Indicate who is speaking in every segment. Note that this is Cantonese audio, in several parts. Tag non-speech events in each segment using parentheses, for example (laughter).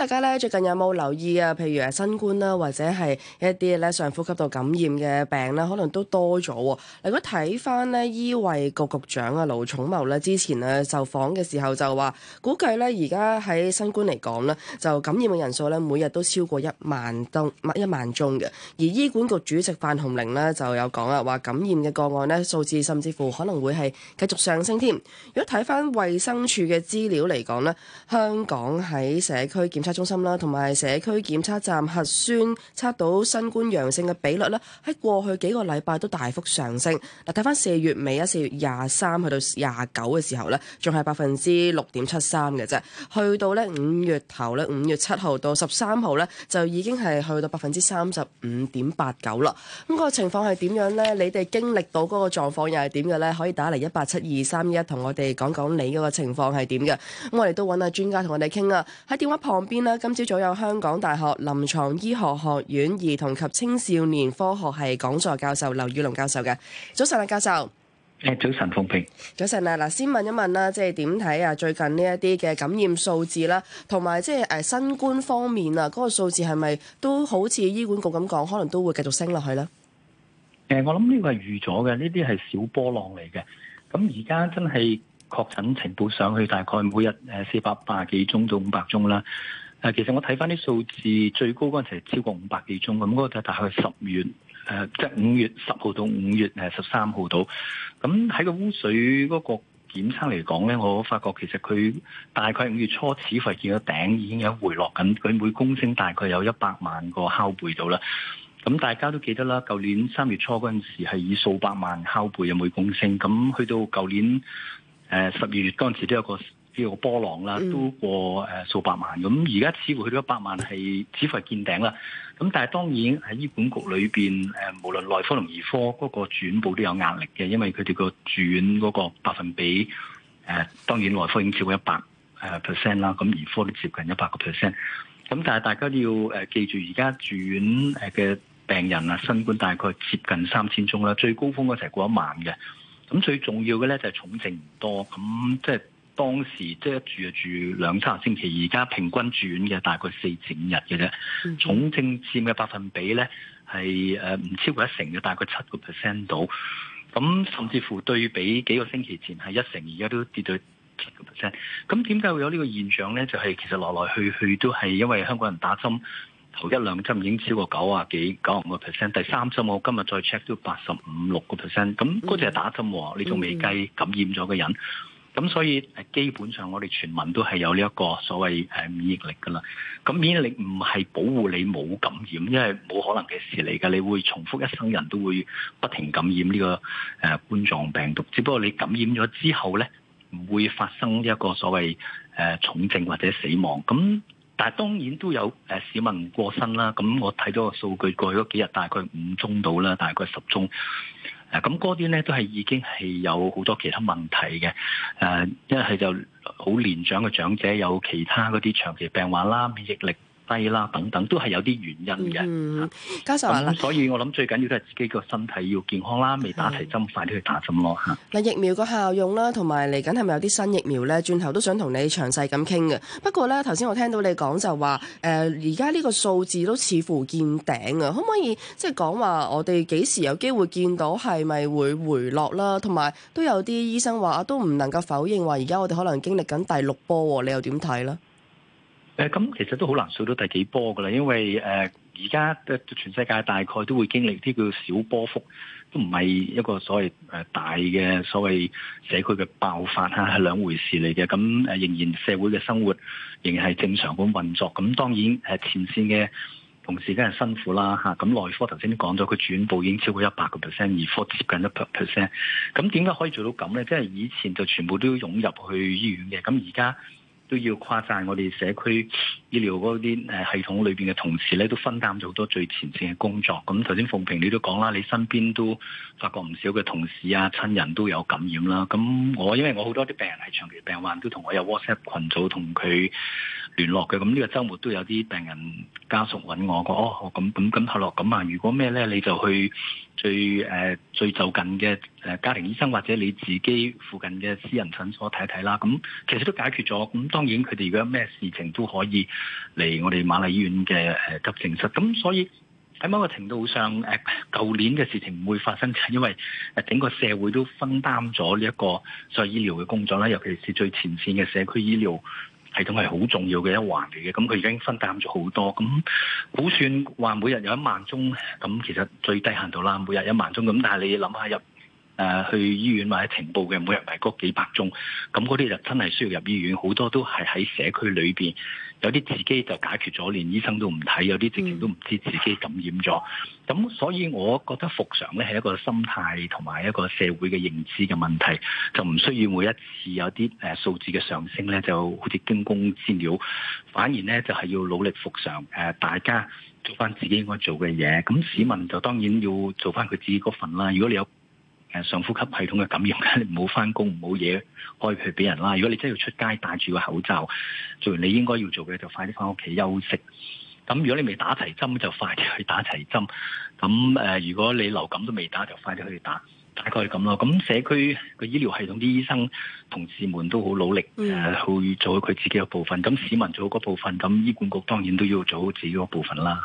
Speaker 1: 大家咧最近有冇留意啊？譬如誒新冠啦，或者係一啲咧上呼吸道感染嘅病啦，可能都多咗。如果睇翻咧醫衞局局長啊盧寵茂咧之前咧受訪嘅時候就話，估計咧而家喺新冠嚟講咧，就感染嘅人數咧每日都超過一萬，萬宗，一萬宗嘅。而醫管局主席范鴻齡咧就有講啦，話感染嘅個案咧數字甚至乎可能會係繼續上升添。如果睇翻衛生署嘅資料嚟講咧，香港喺社區檢測中心啦，同埋社區檢測站核酸測到新冠陽性嘅比率咧，喺過去幾個禮拜都大幅上升。嗱，睇翻四月尾，啊，四月廿三去到廿九嘅時候咧，仲係百分之六點七三嘅啫。去到咧五月頭咧，五月七號到十三號咧，就已經係去到百分之三十五點八九啦。咁個情況係點樣咧？你哋經歷到嗰個狀況又係點嘅咧？可以打嚟一八七二三一同我哋講講你嗰個情況係點嘅。咁我哋都揾下專家同我哋傾啊。喺電話旁邊。今朝早有香港大學臨床醫學學院兒童及青少年科學系講座教授劉宇隆教授嘅，早晨啊，教授，誒，早晨，馮平，早晨啊，嗱，先問一問啦，即係點睇啊？最近呢一啲嘅感染數字啦，同埋即係誒新冠方面啊，嗰個數字係咪都好似醫管局咁講，可能都會繼續升落去呢？
Speaker 2: 誒，我諗呢個係預咗嘅，呢啲係小波浪嚟嘅。咁而家真係確診程度上去，大概每日誒四百八十幾宗到五百宗啦。誒，其實我睇翻啲數字，最高嗰陣係超過五百幾宗咁，嗰、嗰個就大概十月誒，即係五月十號到五月誒十三號到。咁喺個污水嗰個檢測嚟講咧，我發覺其實佢大概五月初始發現個頂已經有回落緊，佢每公升大概有一百萬個拷貝到啦。咁大家都記得啦，舊年三月初嗰陣時係以數百萬拷貝嘅每公升，咁去到舊年誒十二月嗰陣時都有個。叫波浪啦，都過誒數百萬咁。而家似乎去到一百萬，係似乎係見頂啦。咁但係當然喺醫管局裏邊，誒無論內科同兒科嗰個住院部都有壓力嘅，因為佢哋個住院嗰個百分比，誒當然內科已經超過一百誒 percent 啦，咁兒科都接近一百個 percent。咁但係大家要誒記住，而家住院誒嘅病人啊，新冠大概接近三千宗啦，最高峰嗰時係過一萬嘅。咁最重要嘅咧就係重症唔多，咁即係。當時即係住就住兩三個星期，而家平均住院嘅大概四至五日嘅啫。重症佔嘅百分比咧係誒唔超過一成嘅，大概七個 percent 度。咁甚至乎對比幾個星期前係一成，而家都跌到七個 percent。咁點解會有呢個現象咧？就係、是、其實來來去去都係因為香港人打針，頭一兩針已經超過九啊幾九五個 percent。第三針我今日再 check 都八十五六個 percent。咁嗰只係打針喎，你仲未計感染咗嘅人。咁所以，基本上我哋全民都係有呢一個所謂誒免疫力㗎啦。咁免疫力唔係保護你冇感染，因為冇可能嘅事嚟㗎。你會重複一生人都會不停感染呢個誒冠狀病毒，只不過你感染咗之後咧，唔會發生一個所謂誒重症或者死亡。咁但係當然都有誒、呃、市民過身啦。咁我睇到個數據，過去嗰幾日大概五宗度啦，大概十宗。啊，咁嗰啲咧都係已經係有好多其他問題嘅，誒、呃，一係就好年長嘅長者有其他嗰啲長期病患啦，免疫力。低啦，等等都係有啲
Speaker 1: 原因嘅。加上，所
Speaker 2: 以我諗最緊要都係自己個身體要健康啦，未、嗯、打提針快啲去打針咯
Speaker 1: 嚇。嗱、嗯，疫苗個效用啦，同埋嚟緊係咪有啲新疫苗咧？轉頭都想同你詳細咁傾嘅。不過咧，頭先我聽到你講就話，誒而家呢個數字都似乎見頂啊，可唔可以即係講話我哋幾時有機會見到係咪會回落啦？同埋都有啲醫生話都唔能夠否，否認話，而家我哋可能經歷緊第六波喎，你又點睇咧？
Speaker 2: 誒咁、嗯、其實都好難數到第幾波噶啦，因為誒而家嘅全世界大概都會經歷啲叫小波幅，都唔係一個所謂誒大嘅所謂社區嘅爆發嚇，係兩回事嚟嘅。咁、嗯、誒仍然社會嘅生活仍然係正常咁運作。咁、嗯、當然誒、呃、前線嘅同事梗係辛苦啦嚇。咁、啊嗯、內科頭先都講咗，佢轉步已經超過一百個 percent，兒科接近一 percent。咁點解可以做到咁咧？即係以前就全部都要湧入去醫院嘅。咁而家，都要誇晒我哋社區醫療嗰啲誒系統裏邊嘅同事咧，都分擔咗好多最前線嘅工作。咁頭先鳳平你都講啦，你身邊都發覺唔少嘅同事啊親人都有感染啦。咁我因為我好多啲病人係長期病患，都同我有 WhatsApp 群組同佢聯絡嘅。咁呢個周末都有啲病人家屬揾我講，哦咁咁咁睇落咁啊，如果咩呢？你就去。最誒、呃、最就近嘅誒、呃、家庭醫生或者你自己附近嘅私人診所睇一睇啦，咁、嗯、其實都解決咗。咁、嗯、當然佢哋如果咩事情都可以嚟我哋瑪麗醫院嘅誒、呃、急症室。咁所以喺某個程度上誒，舊、啊、年嘅事情唔會發生，因為誒整個社會都分擔咗呢一個所謂醫療嘅工作啦，尤其是最前線嘅社區醫療。系統係好重要嘅一環嚟嘅，咁佢已經分擔咗好多。咁估算話每日有一萬宗，咁其實最低限度啦，每日有一萬宗。咁但係你諗下入。誒去醫院或者情報嘅，每日唔係幾百宗，咁嗰啲就真係需要入醫院，好多都係喺社區裏邊，有啲自己就解決咗，連醫生都唔睇，有啲甚至都唔知自己感染咗。咁所以我覺得復常咧係一個心態同埋一個社會嘅認知嘅問題，就唔需要每一次有啲誒數字嘅上升咧，就好似驚弓之鳥。反而咧就係要努力復常。誒大家做翻自己應該做嘅嘢，咁市民就當然要做翻佢自己嗰份啦。如果你有。誒上呼吸系統嘅感染， (laughs) 你唔好翻工，唔好嘢開佢俾人啦。如果你真係要出街，戴住個口罩，做完你應該要做嘅，就快啲翻屋企休息。咁如果你未打齊針，就快啲去打齊針。咁誒，如果你流感都未打，就快啲去打。大概係咁咯。咁社區個醫療系統啲醫生同事們都好努力，誒去、嗯呃、做佢自己嘅部分。咁市民做好嗰部分，咁醫管局當然都要做好自己嗰部分啦。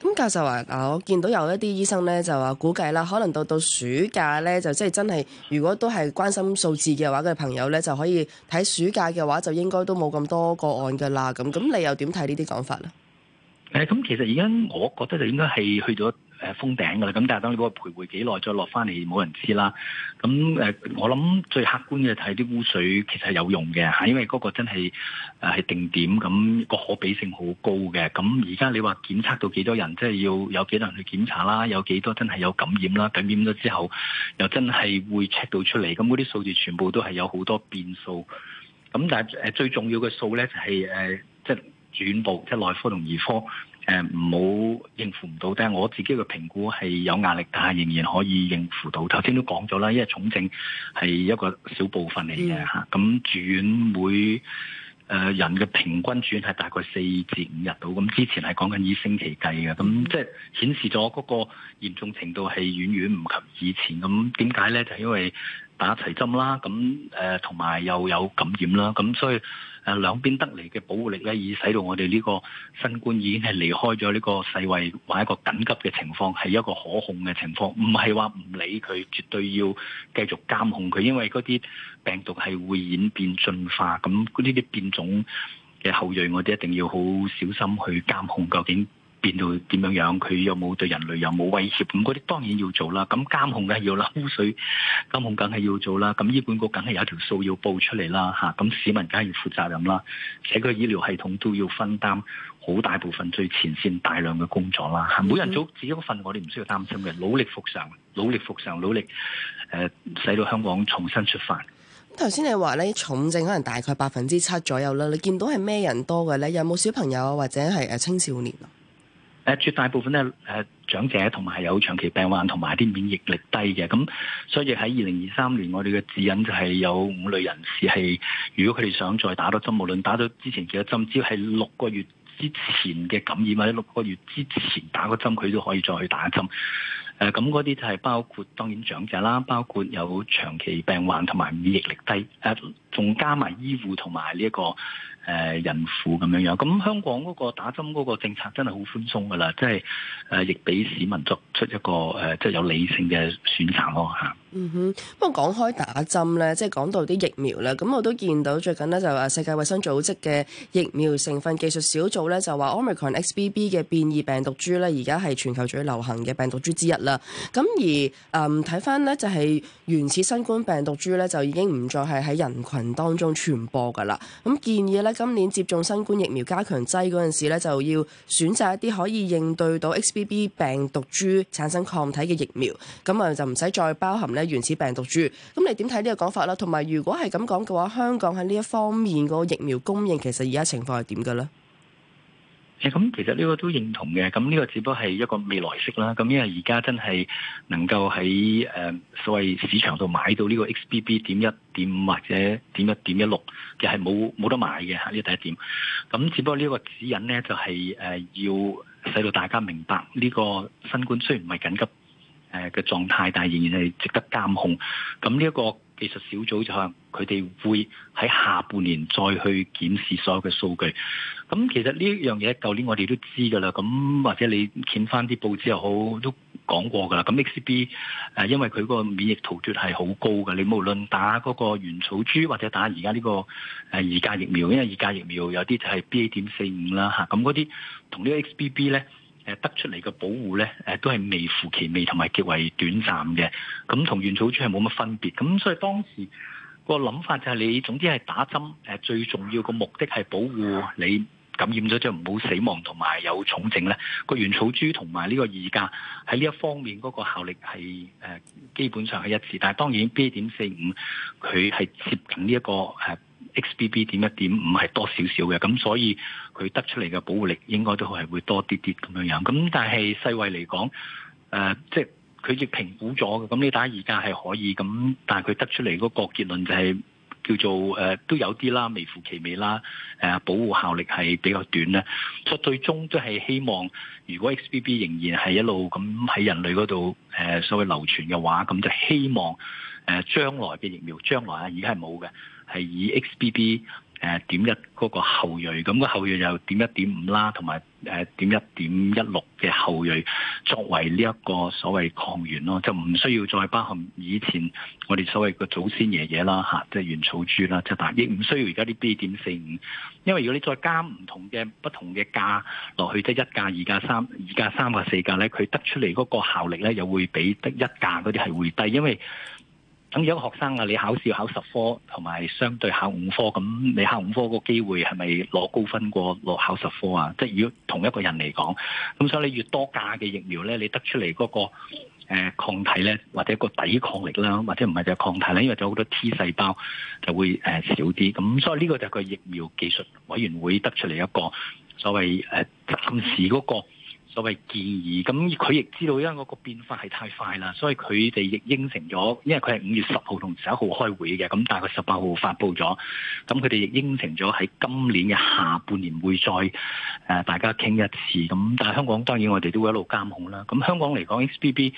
Speaker 1: 咁、嗯、教授話：嗱，我見到有一啲醫生咧，就話估計啦，可能到到暑假咧，就即係真係，如果都係關心數字嘅話嘅朋友咧，就可以睇暑假嘅話，就應該都冇咁多個案噶啦。咁咁，你又點睇呢啲講法咧？
Speaker 2: 誒、嗯，咁、嗯、其實而家我覺得就應該係去咗。誒封頂㗎啦，咁但係當你個徘徊幾耐再落翻嚟，冇人知啦。咁誒，我諗最客觀嘅睇啲污水其實係有用嘅嚇，因為嗰個真係誒係定點，咁個可比性好高嘅。咁而家你話檢測到幾多人，即係要有幾多人去檢查啦，有幾多真係有感染啦，感染咗之後又真係會 check 到出嚟。咁嗰啲數字全部都係有好多變數。咁但係誒最重要嘅數咧就係誒即係轉部，即、呃、係、即係、內科同兒科。誒，唔好、呃、應付唔到，但係我自己嘅評估係有壓力，但係仍然可以應付到。頭先都講咗啦，因為重症係一個小部分嚟嘅嚇，咁、嗯嗯、住院每誒、呃、人嘅平均住院係大概四至五日到。咁、嗯、之前係講緊以星期計嘅，咁、嗯嗯、即係顯示咗嗰個嚴重程度係遠遠唔及以前。咁點解咧？就係、因為打齊針啦，咁誒同埋又有感染啦，咁所以誒、呃、兩邊得嚟嘅保護力咧，已使到我哋呢個新冠已經係離開咗呢個世衞話一個緊急嘅情況，係一個可控嘅情況，唔係話唔理佢，絕對要繼續監控佢，因為嗰啲病毒係會演變進化，咁呢啲變種嘅後裔，我哋一定要好小心去監控，究竟，變到點樣樣？佢有冇對人類有冇威脅？咁嗰啲當然要做啦。咁監控梗係要啦，污水監控梗係要做啦。咁醫管局梗係有一條數要報出嚟啦。吓，咁市民梗係要負責任啦。整個醫療系統都要分擔好大部分最前線大量嘅工作啦。吓，每人做自己嗰份，我哋唔需要擔心嘅。努力復常，努力復常，努力誒、呃，使到香港重新出發。咁
Speaker 1: 頭先你話呢，重症可能大概百分之七左右啦。你見到係咩人多嘅呢？有冇小朋友，或者係青少年？
Speaker 2: 誒、呃、絕大部分咧誒、呃、長者同埋有長期病患同埋啲免疫力低嘅，咁所以喺二零二三年我哋嘅指引就係有五類人士係，如果佢哋想再打多針，無論打咗之前幾多針，只要係六個月之前嘅感染或者六個月之前打過針，佢都可以再去打針。誒咁嗰啲就係包括當然長者啦，包括有長期病患同埋免疫力低，誒、呃、仲加埋醫護同埋呢一個。誒孕婦咁樣樣，咁香港嗰個打針嗰個政策真係好寬鬆噶啦，即係誒亦俾市民作出一個誒即係有理性嘅選擇咯嚇。嗯
Speaker 1: 哼，不過講開打針咧，即係講到啲疫苗咧，咁我都見到最近呢，就話世界衞生組織嘅疫苗成分技術小組咧就話 Omicron XBB 嘅變異病毒株咧而家係全球最流行嘅病毒株之一啦。咁而誒睇翻呢，就係原始新冠病毒株咧就已經唔再係喺人群當中傳播㗎啦。咁建議咧。今年接種新冠疫苗加強劑嗰陣時咧，就要選擇一啲可以應對到 XBB 病毒株產生抗體嘅疫苗，咁啊就唔使再包含咧原始病毒株。咁你點睇呢個講法啦？同埋如果係咁講嘅話，香港喺呢一方面個疫苗供應，其實而家情況係點嘅咧？
Speaker 2: 咁其實呢個都認同嘅，咁、這、呢個只不過係一個未來式啦。咁因為而家真係能夠喺誒所謂市場度買到呢個 XBB 點一點五，或者點一點一六嘅係冇冇得買嘅，係、這、呢、個、第一點。咁只不過呢個指引呢，就係誒要使到大家明白呢、這個新冠雖然唔係緊急誒嘅狀態，但係仍然係值得監控。咁呢一個技術小組就係佢哋會喺下半年再去檢視所有嘅數據。咁其實呢樣嘢，舊年我哋都知㗎啦。咁或者你睇翻啲報紙又好，都講過㗎啦。咁 XBB 因為佢個免疫逃逸係好高㗎。你無論打嗰個原始株，或者打而家呢個誒二價疫苗，因為二價疫苗有啲就係 B. A. 點四五啦嚇。咁嗰啲同呢個 XBB 咧誒，得出嚟嘅保護咧誒，都係微乎其微同埋極為短暫嘅。咁同原始株係冇乜分別。咁所以當時個諗法就係你總之係打針誒，最重要個目的係保護你。感染咗之後唔好死亡同埋有重症咧，個原草株同埋呢個二價喺呢一方面嗰個效力係誒、呃、基本上係一致，但係當然 B. 點四五佢係接近呢、這、一個誒 XBB. 點一點五係多少少嘅，咁所以佢得出嚟嘅保護力應該都係會多啲啲咁樣樣。咁但係世衛嚟講誒、呃，即係佢亦評估咗嘅，咁你打二價係可以，咁但係佢得出嚟嗰個結論就係、是。叫做誒、呃、都有啲啦，微乎其微啦，誒、呃、保護效力係比較短啦。所以最終都係希望，如果 XBB 仍然係一路咁喺人類嗰度誒所謂流傳嘅話，咁就希望誒、呃、將來嘅疫苗，將來啊而家係冇嘅，係以 XBB。誒、呃、點一嗰個後裔，咁個後裔又、嗯、點一、呃、點五啦，同埋誒點一點一六嘅後裔作為呢一個所謂抗原咯，就唔需要再包含以前我哋所謂個祖先爺爺啦嚇、啊，即係原草豬啦，即係亦唔需要而家啲 B 點四五，因為如果你再加唔同嘅不同嘅價落去，即係一價、二價、三二價、三或四價咧，佢得出嚟嗰個效力咧，又會比得一價嗰啲係會低，因為。咁如果學生啊，你考試要考十科，同埋相對考五科，咁你考五科個機會係咪攞高分過攞考十科啊？即係如果同一個人嚟講，咁所以你越多價嘅疫苗咧，你得出嚟嗰、那個、呃、抗體咧，或者個抵抗力啦，或者唔係就係抗體啦，因為就好多 T 細胞就會誒、呃、少啲。咁所以呢個就係個疫苗技術委員會得出嚟一個所謂誒暫、呃、時嗰、那個。所謂建議，咁佢亦知道因，因為嗰個變化係太快啦，所以佢哋亦應承咗，因為佢係五月十號同十一號開會嘅，咁大概十八號發布咗，咁佢哋亦應承咗喺今年嘅下半年會再誒、呃、大家傾一次，咁但係香港當然我哋都會一路監控啦，咁香港嚟講 XBB。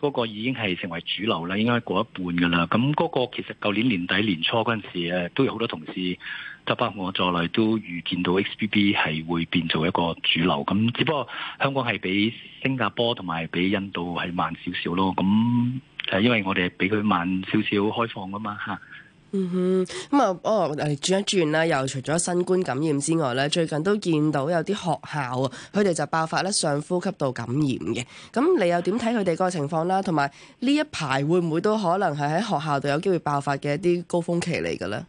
Speaker 2: 嗰個已經係成為主流啦，應該過一半嘅啦。咁、那、嗰個其實舊年年底年初嗰陣時，誒都有好多同事，包括我在內都預見到 XBB 係會變做一個主流。咁只不過香港係比新加坡同埋比印度係慢少少咯。咁誒，因為我哋比佢慢少少開放啊嘛，嚇。
Speaker 1: 嗯哼，咁啊，哦，誒轉一轉啦，又除咗新冠感染之外咧，最近都見到有啲學校啊，佢哋就爆發咧上呼吸道感染嘅，咁你又點睇佢哋個情況啦？同埋呢一排會唔會都可能係喺學校度有機會爆發嘅一啲高峰期嚟嘅咧？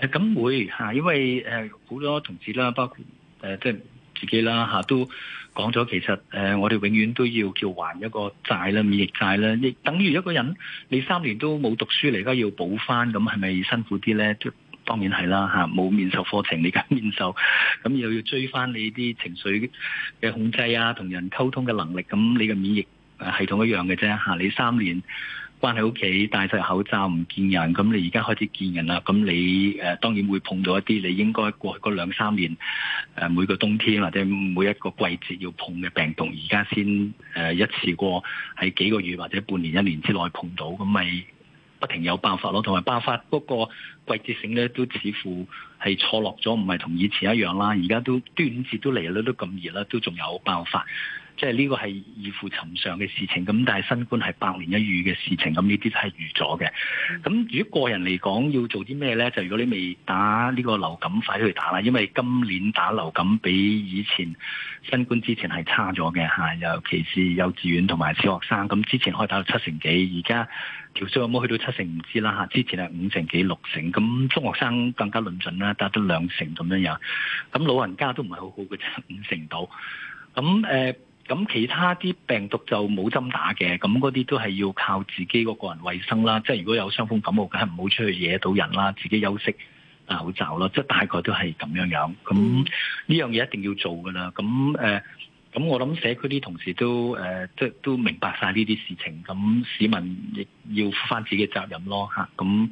Speaker 2: 誒，咁會嚇，因為誒好多同事啦，包括誒即係。呃就係自己啦吓、啊、都講咗，其實誒、呃、我哋永遠都要叫還一個債啦，免疫債啦，亦等於一個人你三年都冇讀書嚟，而家要補翻，咁係咪辛苦啲咧？當然係啦吓，冇、啊、面授課程，你而家面授，咁又要追翻你啲情緒嘅控制啊，同人溝通嘅能力，咁你嘅免疫系統一樣嘅啫吓，你三年。關喺屋企戴晒口罩唔見人，咁你而家開始見人啦。咁你誒、呃、當然會碰到一啲你應該過去嗰兩三年誒、呃、每個冬天或者每一個季節要碰嘅病毒，而家先誒一次過喺幾個月或者半年一年之內碰到，咁咪不停有爆發咯。同埋爆發嗰個季節性咧，都似乎係錯落咗，唔係同以前一樣啦。而家都端午節都嚟啦，都咁熱啦，都仲有爆發。即係呢個係異乎尋常嘅事情，咁但係新冠係百年一遇嘅事情，咁呢啲都係預咗嘅。咁如果個人嚟講要做啲咩呢？就如果你未打呢個流感快去打啦，因為今年打流感比以前新冠之前係差咗嘅嚇，尤其是幼稚園同埋小學生。咁之前可以打到七成幾，而家條數有冇去到七成唔知啦嚇。之前係五成幾六成，咁中學生更加論盡啦，打得兩成咁樣樣。咁老人家都唔係好好嘅，五成到。咁誒。呃咁其他啲病毒就冇針打嘅，咁嗰啲都係要靠自己個個人衞生啦。即係如果有傷風感冒，梗係唔好出去惹到人啦，自己休息、口罩咯。即係大概都係咁樣樣。咁呢樣嘢一定要做噶啦。咁誒，咁、呃、我諗社區啲同事都誒，即、呃、係都，都明白晒呢啲事情。咁市民亦要負翻自己責任咯。嚇，咁、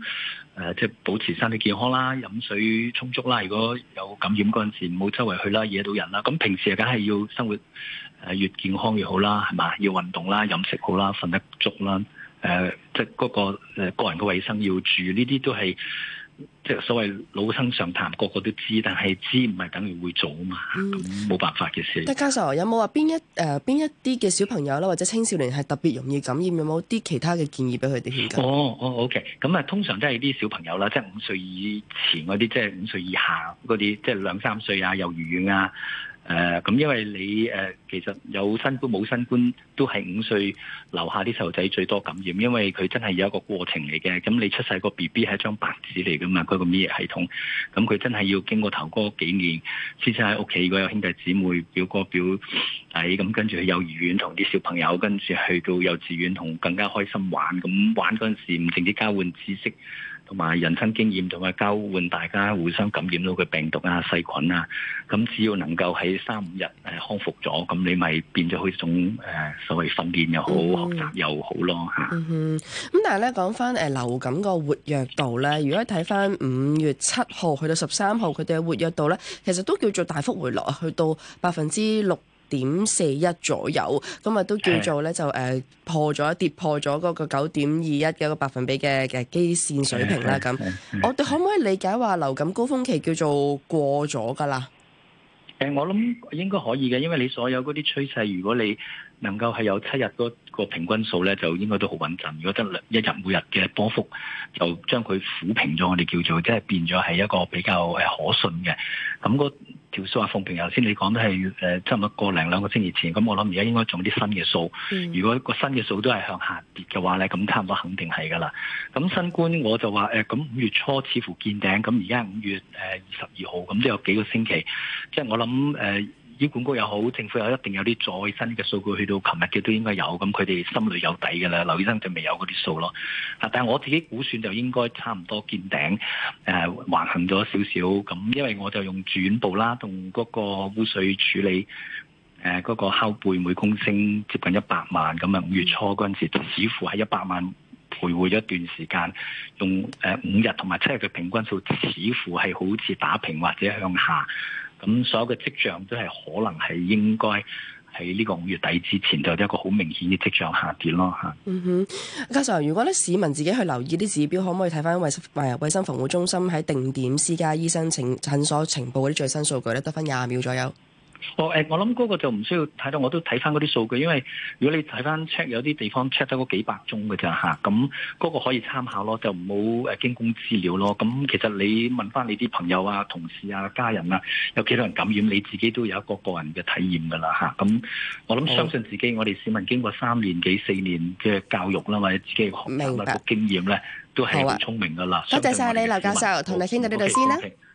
Speaker 2: 呃、誒，即係保持身體健康啦，飲水充足啦。如果有感染嗰陣時，唔好周圍去啦，惹到人啦。咁平時梗係要生活。誒越健康越好啦，係嘛？要運動啦，飲食好啦，瞓得足啦。誒、呃，即係、那、嗰個誒、呃、個人嘅衞生要注意，呢啲都係即係所謂老生常談，個個都知。但係知唔係等於會做啊嘛，咁冇、嗯、辦法嘅事。阿教
Speaker 1: 授有冇話邊一誒邊、呃、一啲嘅小朋友啦，或者青少年係特別容易感染？有冇啲其他嘅建議俾佢哋？哦，哦
Speaker 2: ，OK。咁啊，通常都係啲小朋友啦，即係五歲以前嗰啲，即係五歲以下嗰啲，即係兩三歲啊，幼兒園啊。誒咁、呃，因為你誒、呃、其實有新冠冇新冠，都係五歲樓下啲細路仔最多感染，因為佢真係有一個過程嚟嘅。咁你出世個 B B 係一張白紙嚟噶嘛，佢個免疫系統，咁佢真係要經過頭嗰幾年先至喺屋企。如有兄弟姊妹、表哥表弟咁，跟住去幼兒園同啲小朋友，跟住去到幼稚園同更加開心玩。咁玩嗰陣時唔淨止交換知識。同埋人生經驗，同埋交換，大家互相感染到嘅病毒啊、細菌啊，咁只要能夠喺三五日誒康復咗，咁你咪變咗一種誒所謂訓練又好、學習又好咯嚇。嗯哼，
Speaker 1: 咁但係咧講翻誒流感個活躍度咧，如果睇翻五月七號去到十三號，佢哋嘅活躍度咧，其實都叫做大幅回落啊，去到百分之六點四一左右，咁啊都叫做咧就誒破咗是跌破咗嗰個九點二一嘅一個百分比嘅嘅基線水平啦。咁，我哋可唔可以理解話流感高峰期叫做過咗噶啦？誒，我
Speaker 2: 諗應該可以嘅，因為你所有嗰啲趨勢，如果你能夠係有七日嗰個平均數咧，就應該都好穩陣。如果得一日每日嘅波幅，就將佢撫平咗，我哋叫做即係變咗係一個比較誒可信嘅咁、那個條數話放平，頭先你講都係誒差唔多個零兩個星期前，咁我諗而家應該仲有啲新嘅數。如果個新嘅數都係向下跌嘅話咧，咁差唔多肯定係噶啦。咁新冠我就話誒，咁五月初似乎見頂，咁而家五月誒二十二號，咁都有幾個星期，即係我諗誒。呃醫管局又好，政府又一定有啲再新嘅數據，去到琴日嘅都應該有，咁佢哋心裏有底嘅啦。劉醫生就未有嗰啲數咯。但係我自己估算就應該差唔多見頂，誒、呃、橫行咗少少咁，因為我就用住院部啦，同嗰個污水處理，誒、呃、嗰、那個拷貝每公升接近一百萬咁啊，五月初嗰陣時似乎係一百萬徘徊咗一段時間，用誒五日同埋七日嘅平均數，似乎係好似打平或者向下。咁所有嘅跡象都係可能係應該喺呢個五月底之前就有一個好明顯嘅跡象下跌咯嚇。嗯
Speaker 1: 哼，加上如果咧，市民自己去留意啲指標，可唔可以睇翻衛生、衛生防護中心喺定點私家醫生診診所情報嗰啲最新數據咧？得翻廿秒左右。
Speaker 2: Oh, eh, 我誒，我諗嗰個就唔需要睇到，我都睇翻嗰啲數據，因為如果你睇翻 check 有啲地方 check 得嗰幾百宗嘅咋，嚇、啊，咁嗰個可以參考咯，就唔好誒經供資料咯。咁、啊、其實你問翻你啲朋友啊、同事啊、家人啊，有幾多人感染，你自己都有一個個人嘅體驗嘅啦嚇。咁、啊啊、我諗相信自己，oh. 我哋市民經過三年幾四年嘅教育啦，或者自己學生活經驗咧，都係好聰明嘅啦、oh. 啊。多謝晒
Speaker 1: 你，劉教授，同你傾到呢度先啦。Okay, okay.